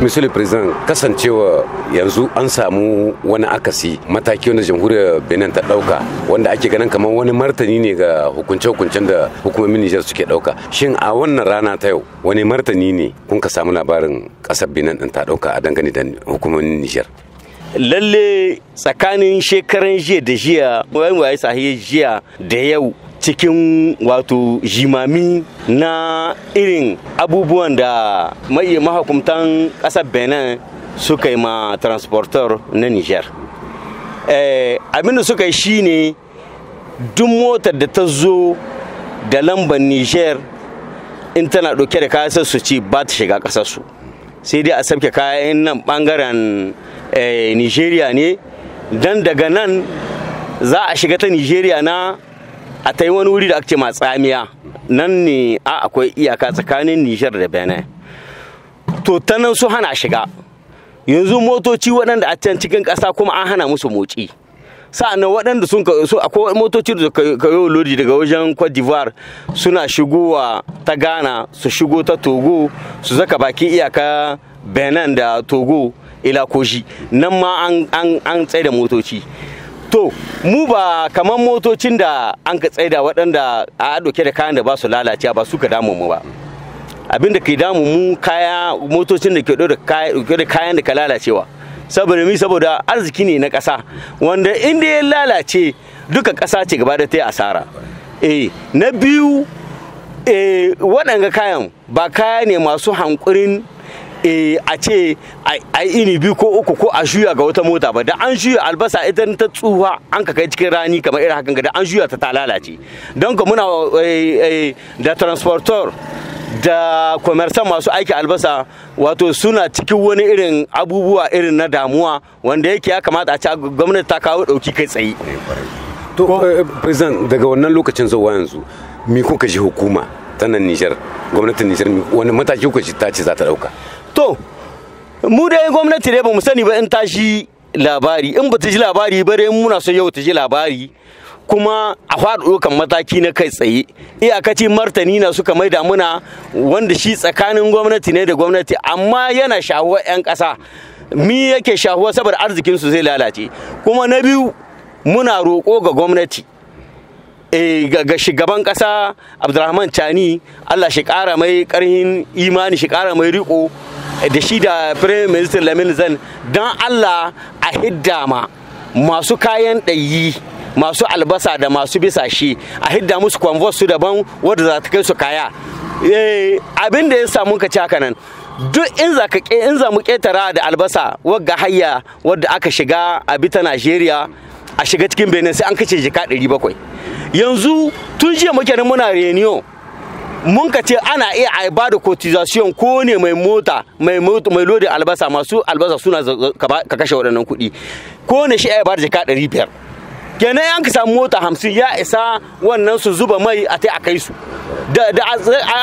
misali president kasancewa yanzu an samu wani akasi mataki wanda jamhuriyar benin ta dauka wanda ake ganin kamar wani martani ne ga hukunce-hukuncen da hukumomin nijar suke dauka shin a wannan rana ta yau wani martani ne kun ka samu labarin kasar benin din ta dauka a dangane da hukumomin nijar lalle tsakanin shekaran jiya da jiya wayan waye sahi jiya da yau cikin wato jimami na irin abubuwan da mai mahakumtan ƙasar benin suka yi ma transporter na niger eh, abin da suka yi shine duk motar da ta zo da lambar niger in tana ɗauke da kayan su ci ba ta shiga ƙasarsu sai dai a sabke kayan nan ɓangaren eh, nigeria ne don daga nan za a shiga ta nigeria na a ta yi wani wuri da ake ma tsamiya nan ne a akwai iyaka tsakanin nijar da benin to ta nan su hana shiga yanzu motoci waɗanda a can cikin ƙasa kuma an hana musu motsi sa'annan waɗanda sun su akwai motoci da ka yi lodi daga wajen Cote d'Ivoire suna shigowa ta Ghana su shigo ta Togo su zaka baki iyaka Benin da Togo ila koshi nan ma an tsaye da motoci to mu ba kamar motocin da an ka tsaida waɗanda a ɗauke da kayan da ba su lalacewa ba su ka damu mu ba abin da ke damu mu kaya motocin da ke ɗauke da kayan da ka lalacewa saboda mi saboda arziki ne na ƙasa wanda inda ya lalace duka ƙasa ce gaba da ta yi asara eh na biyu eh waɗanga kayan ba kaya ne masu hankurin Eh, a ce a ini biyu ko uku ko a shuya ga wata mota ba da an shuya albasa idan ta tsuwa an ka kai cikin rani kamar irin hakan da an shuya ta ta lalace don ka muna eh, eh, da transportor da kwamersan masu aiki albasa wato suna cikin wani irin abubuwa irin na damuwa wanda yake ya kamata a ci gwamnati ta kawo dauki kai tsaye to president daga wannan lokacin zuwa yanzu mi kuka ji hukuma ta nan nijar gwamnatin nijar wani mataki kuka ji ta ce za ta dauka. to mu dai gwamnati dai ba mu sani ba in tashi labari in ba ta ji labari ba dai muna son yau ta ji labari kuma a faɗo kan mataki na kai tsaye iyakaci martani na suka mai da muna wanda shi tsakanin gwamnati ne da gwamnati amma yana shahuwa 'yan ƙasa mi yake shahuwa saboda arzikin su zai lalace kuma na biyu muna roƙo ga gwamnati eh, ga shugaban ƙasa abdulrahman cani allah shi ƙara mai ƙarhin imani shi ƙara mai riƙo da shi da prime minister lamin zan don allah a hidda ma masu kayan ɗayi masu albasa da masu shi a hidda musu kwamvos su daban wadda za ta kai su kaya eh, abin da ya samu ka caka nan duk in za ka in za ketara da albasa wagga hayya wadda aka shiga a bita Najeriya a shiga cikin Benin sai an kace jika 700 yanzu tun jiya muke nan muna reniyo mun ka ce ana iya a ba da cotization ko ne mai mota mai mai lodi albasa masu albasa suna ka kashe waɗannan kuɗi ko ne shi ya ba da jaka ɗari biyar kenan an ka mota hamsin ya isa wannan su zuba mai a tai a kai su da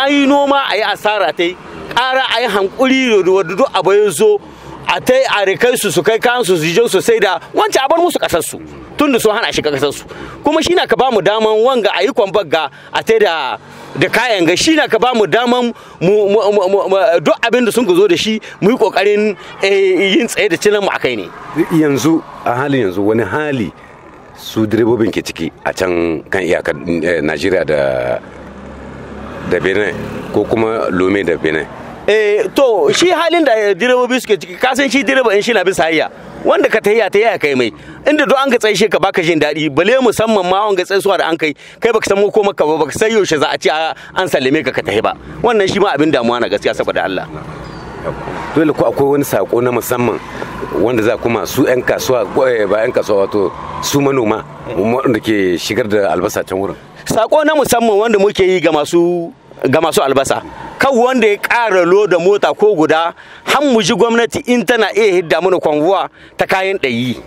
an yi noma a yi asara tai ƙara a yi hankuri da wadda duk abu zo a tai a rikai su su kai kansu su su sai da wancan abar musu kasar su tun da sun hana shi kasar su kuma shi na ka ba mu daman wanga a yi kwambar ga a tai da da kayan ga shi na ka ba mu daman duk abin da sun zo da shi mu yi kokarin eh, yin tsaye da cinan mu kai ne yanzu a halin yanzu wani hali su direbobin ke ciki a can kan iyakar eh, najeriya da da benin ko kuma lome da benin eh, to shi halin da direbobi suke ciki kasan shi direba in shi na bisa hayya wanda ka tahiya ta yaya kai mai inda duk an ga tsaye ka baka jin daɗi bale musamman ma wanga suwa da an kai kai baka san ko maka ba baka san yaushe za a ci an sallame ka ka tahi ba wannan shi ma abin damuwa na gaskiya saboda Allah dole ko akwai wani sako na musamman wanda za kuma su 'yan kasuwa eh, ba 'yan kasuwa wato su manoma wanda ke shigar da albasa can wurin sako na musamman wanda muke yi ga masu ga masu albasa kan wanda ya ƙara loda mota ko guda han mu ji gwamnati in tana iya hidda mana kwanguwa ta kayan ɗayi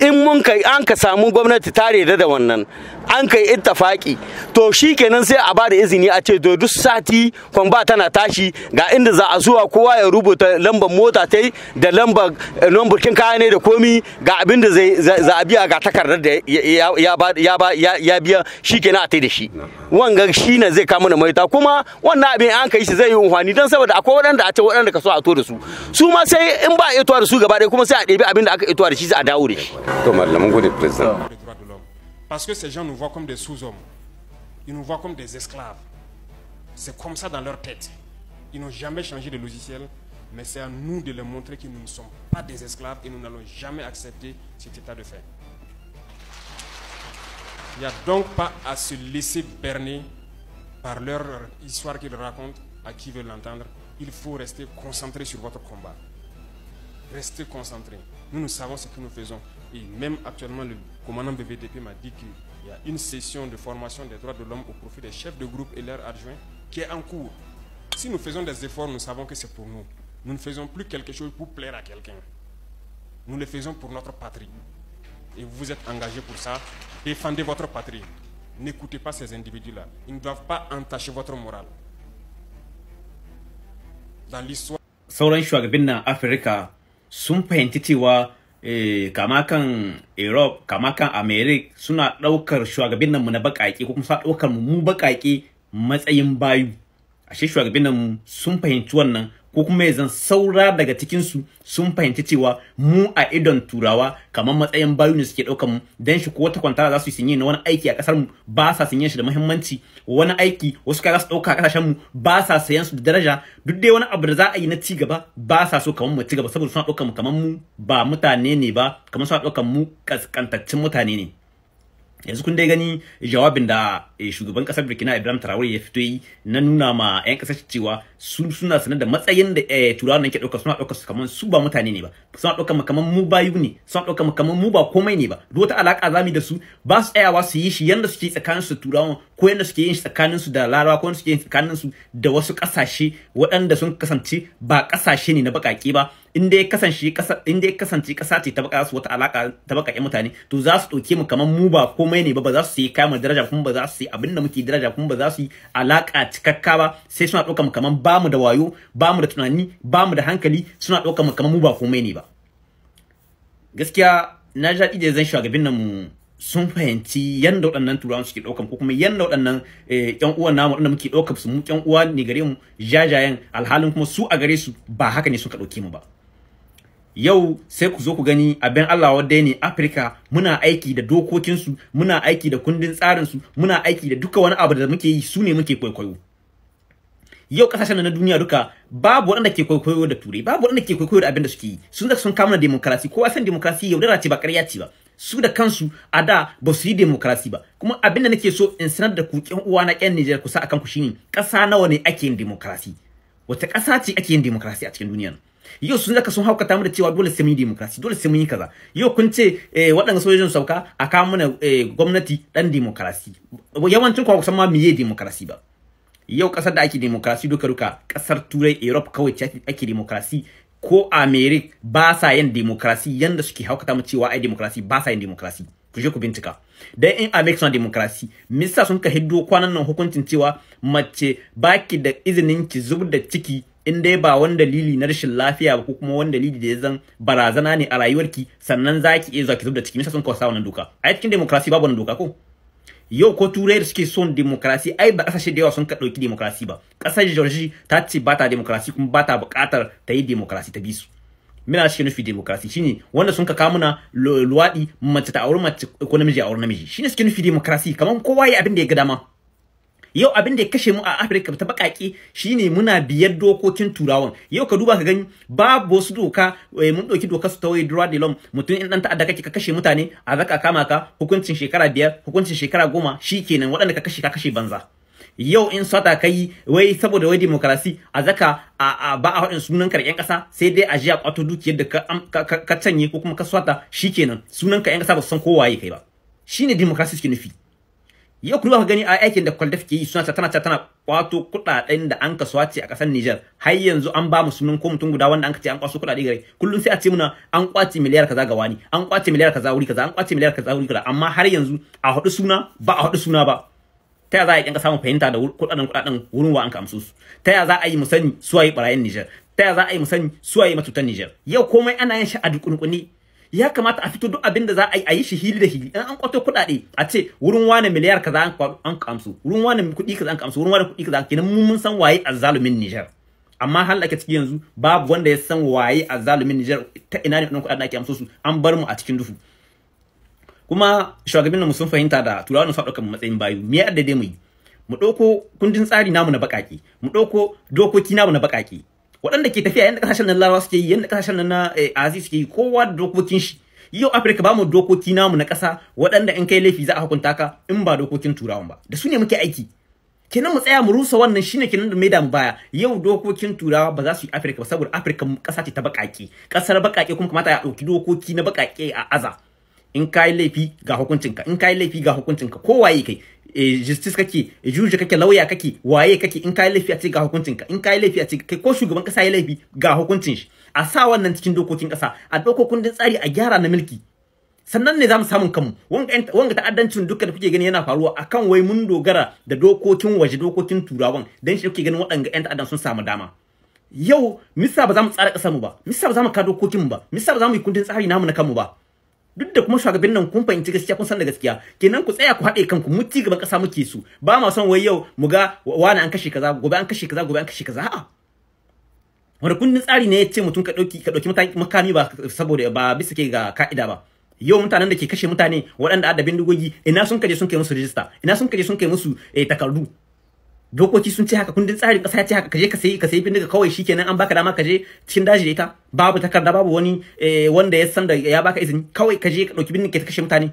in mun kai an ka samu gwamnati tare da wannan an kai ittafaki to shi kenan sai a ba da izini a ce to duk sati kwamba tana tashi ga inda za a zuwa kowa ya rubuta lambar mota ta da lambar eh, lambar kin kaya ne da komi ga abin da za a biya ga takardar da ya biya shi kenan a tai da shi wanga shi ne zai kama na maita kuma wannan abin an kai shi zai yi unhwani don saboda akwai waɗanda a ce waɗanda ka so a to da su su ma sai in ba a ituwa da su gaba ɗaya kuma sai a ɗebi abin da aka ituwa da shi sai a dawo da shi to mallamin gode president Parce que ces gens nous voient comme des sous-hommes. Ils nous voient comme des esclaves. C'est comme ça dans leur tête. Ils n'ont jamais changé de logiciel, mais c'est à nous de leur montrer qu'ils ne sont pas des esclaves et nous n'allons jamais accepter cet état de fait. Il n'y a donc pas à se laisser berner par leur histoire qu'ils racontent à qui veut l'entendre. Il faut rester concentré sur votre combat. Restez concentrés. Nous, nous savons ce que nous faisons. Et même actuellement, le commandant BVDP m'a dit qu'il y a une session de formation des droits de l'homme au profit des chefs de groupe et leurs adjoints qui est en cours. Si nous faisons des efforts, nous savons que c'est pour nous. Nous ne faisons plus quelque chose pour plaire à quelqu'un. Nous le faisons pour notre patrie. Et vous vous êtes engagés pour ça. Défendez votre patrie. N'écoutez pas ces individus-là. Ils ne doivent pas entacher votre morale. Dans l'histoire... sun fahimci cewa eh, kama kan Europe kama kan America suna ɗaukar shugabannin mu na baƙaƙe ko kuma suna ɗaukar mu baƙaƙe matsayin bayu ashe shugabannin mu sun fahimci wannan ko kuma ya zan saura daga cikinsu sun fahimci cewa mu a idon turawa kamar matsayin bayu ne suke ɗaukar mu dan shi ko wata kwantara za su yi na wani aiki a ƙasar mu ba sa sinye shi da muhimmanci wani aiki wasu kai za su ɗauka a ƙasashen mu ba sa sayan su da daraja duk dai wani abu da za a yi na ci gaba ba sa so kamar mu ci gaba saboda suna ɗaukar mu kamar mu ba mutane ne ba kamar suna ɗaukar mu kaskantaccen mutane ne yanzu kun dai gani jawabin da eh, shugaban ƙasar burkina ibrahim traore ya fito yi na nuna ma 'yan kasar cewa su suna sanar da matsayin da eh, turawan nan ke ɗauka suna ɗauka su kamar su ba mutane ne ba suna mu kamar mu bayu ne suna mu kamar mu ba komai ne ba duk wata alaƙa zamu da su ba su tsayawa su yi shi yanda suke tsakanin su turawan ko yanda suke yin shi tsakanin su da larawa ko yanda suke yin tsakanin su da wasu ƙasashe waɗanda sun kasance ba ƙasashe ne na baƙaƙe ba in dai kasance kasa in dai kasance kasa ce ta baka su wata alaka ta baka mutane to za su ɗauke mu kaman mu ba komai ne ba ba za su yi kama daraja kuma ba za su yi abinda muke daraja kuma ba za su yi alaka cikakka ba sai suna dauka mu kaman ba bamu da wayo bamu da tunani bamu da hankali suna ɗaukar mu kamar mu ba komai ne ba gaskiya na ji daɗi da zan shugabin nan mu sun fahimci yadda waɗannan turawan suke ɗaukar ko kuma yadda waɗannan eh, ƴan uwan namu waɗanda muke ɗaukar su mu ƴan uwa ne gare mu jajayen alhalin kuma su a gare su ba haka ne suka ɗauke mu ba yau sai ku zo ku gani abin Allah wadda ne Afirka muna aiki da dokokinsu muna aiki da kundin tsarinsu muna aiki da duka wani abu da muke yi su ne muke kwaikwayo yau kasashen na duniya duka babu waɗanda ke kwaikwayo da turai babu waɗanda ke kwaikwayo da abin da suke yi sun zaka sun kama na demokrasi kowa san demokrasi yaudara ce ba ƙarya ce ba su da kansu a da ba su yi demokrasi ba kuma abin da nake so in sanar da ku ƴan uwa na ƴan Nijar kusa akan ku shine ƙasa nawa ne ake yin demokrasi wata ƙasa ce ake yin demokrasi a cikin duniya yau sun zaka sun haukata mu da cewa dole sai mun yi demokrasi dole sai mun yi kaza yau kun ce eh, waɗanda sojojin sauka a kawo mana eh, gwamnati dan demokrasi yawancin ku kusan ma ye demokrasi ba yau kasar da ake demokrasi duka duka kasar turai europe kawai ce ake demokrasi ko america ba sa yin demokrasi yanda suke haukata mu cewa ai demokrasi ba sa yin demokrasi ku je ku bincika dan in america suna demokrasi mista sun ka hiddo kwanan nan hukuncin cewa mace baki da izinin ki zub da ciki in dai ba wani dalili na rashin lafiya ba ko kuma wani dalili da ya zan barazana ne a rayuwarki sannan za ki iya zuwa ki zub da ciki mista sun ka sa wannan doka a cikin demokrasi babu wannan doka ko yau ko turai da suke son demokrasi ai ba kasashe da yawa sun ka dauki demokrasi ba kasar jorji ta ce ba ta demokrasi kuma ba ta bukatar ta yi demokrasi ta bisu mina shi nufi demokrasi shine wanda sun ka kamuna luwaɗi mace ta auri mace ko namiji a auri namiji shine suke nufi demokrasi kamar kowa ya abin da ya ga dama yau abin da ya kashe mu a Afirka ta bakaki shine muna biyar dokokin turawan yau ka duba ka gani babu wasu doka eh, mun doki dokar su ta wai droit de l'homme mutum in dan ta adaka ka kashe mutane a zaka kama ka hukuncin shekara biyar hukuncin shekara goma shikenan waɗanda ka kashe ka kashe banza yau in sata kai wai saboda wai demokrasi a zaka a, ba a hadin sunan ka yan ƙasa sai dai a jiya kwato dukiyar da ka, canye ko kuma ka swata shikenan sunan ka yan ƙasa ba san kowa kai ba shine demokrasi suke nufi yau kuma ka gani a aikin da kwaldaf ke yi suna tana tana kwato kuɗaɗen da an kasuwa ce a ƙasar Nijar har yanzu an ba mu sunan ko mutum guda wanda an ce an kwaso kuɗaɗe gare kullum sai a ce muna an kwace miliyar kaza ga wani an kwace miliyar kaza wuri kaza an kwace miliyar kaza wuri kaza amma har yanzu a haɗu suna ba a haɗu suna ba ta ya za a yi ƙasa samun fahimta da kuɗaɗen kuɗaɗen wurin wa an kamsu su ta ya za a yi mu sani suwaye barayin Nijar ta ya za a yi mu sani suwaye matutan Nijar yau komai ana yin shi a dukunkuni ya kamata a fito duk abin da za a yi a yi shi hili da hili an kwato kuɗaɗe a ce wurin wani miliyar kaza an kamsu wurin wani kuɗi kaza an kamsu wurin wani kuɗi kaza kenan mun mun san waye azzalumin Niger amma har ake ciki yanzu babu wanda ya san waye azzalumin Niger ta ina ne kuɗaɗen ake amsu su an bar mu a cikin duhu kuma shugabannin mu sun fahimta da turawan su ɗaukar matsayin bayu me yadda dai mu yi mu ɗauko kundin tsari namu na bakaki mu ɗauko dokoki namu na bakaki. waɗanda ke tafiya yadda kasashen nan larawa suke yi yadda kasashen nan na eh, azi suke yi kowa da dokokin shi yau afirka ba mu dokoki namu na ƙasa waɗanda in kai laifi za a hukunta ka in ba dokokin turawan ba da su ne muke aiki kenan mu tsaya mu rusa wannan shine kenan da maida mu baya yau dokokin turawa ba za su yi afirka ba saboda afirka ƙasa ce ta baƙaƙe ƙasar baƙaƙe kuma kamata ya ɗauki dokoki na baƙaƙe a aza in kai laifi ga hukuncinka in kai laifi ga hukuncinka yi kai e justice kake e juji kake lauya kake waye kake in kai laifi a ce ga hukuncin ka in kai laifi a ce kai ko shugaban kasa ya laifi ga hukuncin shi a sa wannan cikin dokokin kasa a dauko kundin tsari a gyara na milki. sannan ne zamu samu kanmu wanga ta'addancin duka da kuke gani yana faruwa akan wai mun dogara da dokokin waje dokokin turawan dan shi kuke ganin waɗanga yan ta'addan sun samu dama yau misa ba za mu tsara ƙasarmu ba misa ba za mu ka dokokin ba misa ba za mu yi kundin tsari namu na kanmu ba duk da kuma shugabin nan kun fahimci gaskiya kun san da gaskiya kenan ku tsaya ku haɗe kanku mu ci gaban ƙasa muke su ba ma son wai yau mu ga wani an kashe kaza gobe an kashe kaza gobe an kashe kaza a'a wanda kundin tsari ne ya ce mutum ka ɗauki ka ɗauki makami ba saboda ba bisa ke ga ka'ida ba yau mutanen da ke kashe mutane waɗanda adabin dugogi ina sun kaje sun kai musu rijista ina sun kaje sun kai musu eh, takardu dokoki sun ce haka kundin tsarin kasa ya ce haka kaje ka sayi ka sayi bindiga kawai shikenan an baka dama kaje cikin daji da ita babu takarda babu wani eh, wanda ya san da ya baka izini kawai kaje ka dauki bindiga ka kashe mutane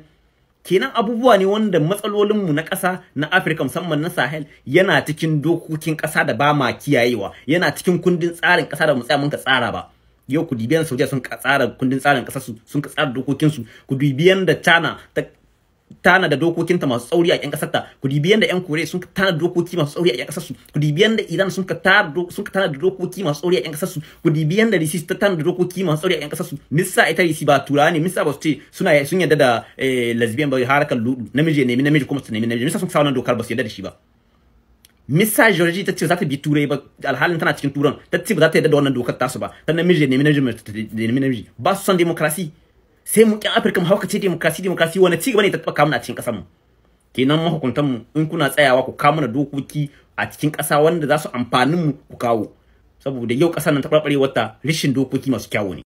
kenan abubuwa ne wanda matsalolin mu na kasa na Afirka musamman na Sahel yana cikin dokokin kasa da ba ma kiyayewa yana cikin kundin tsarin ƙasa da mu tsaya mun ka tsara ba yau ku dibiyan Saudiya sun ka tsara kundin tsarin kasa sun ka tsara dokokin su ku dibiyan da China tana da dokokinta masu tsauri a ƴan ƙasarta ku dibi yanda ƴan kore sun tana dokoki masu tsauri a ƴan ƙasarsu ku dibi yanda Iran sun ka tana da dokoki masu tsauri a ƴan ƙasarsu ku dibi yanda Risi ta tana da dokoki masu tsauri a ƴan ƙasarsu missa ita Risi ba tura ne missa ba su ce suna sun yadda da eh, lesbian ba harakan ludu namiji ne namiji kuma su nemi namiji missa sun sa wannan dokar ba su yadda da shi ba Missa Georgie ta ce za ta bi turai ba alhalin tana cikin turan ta ce ba za ta yarda da wannan dokar tasu ba ta namiji ne namiji ba su son demokrasi sai mu kyan Afirka mu haukace demokrasi demokrasi wani ci gaba ne ta taba kamuna a cikin kasar mu kenan mahukuntan mu in kuna tsayawa ku kawo mana dokoki a cikin kasa wanda za su amfanin mu ku kawo saboda yau kasar nan ta barbarewar ta rishin dokoki masu kyawu ne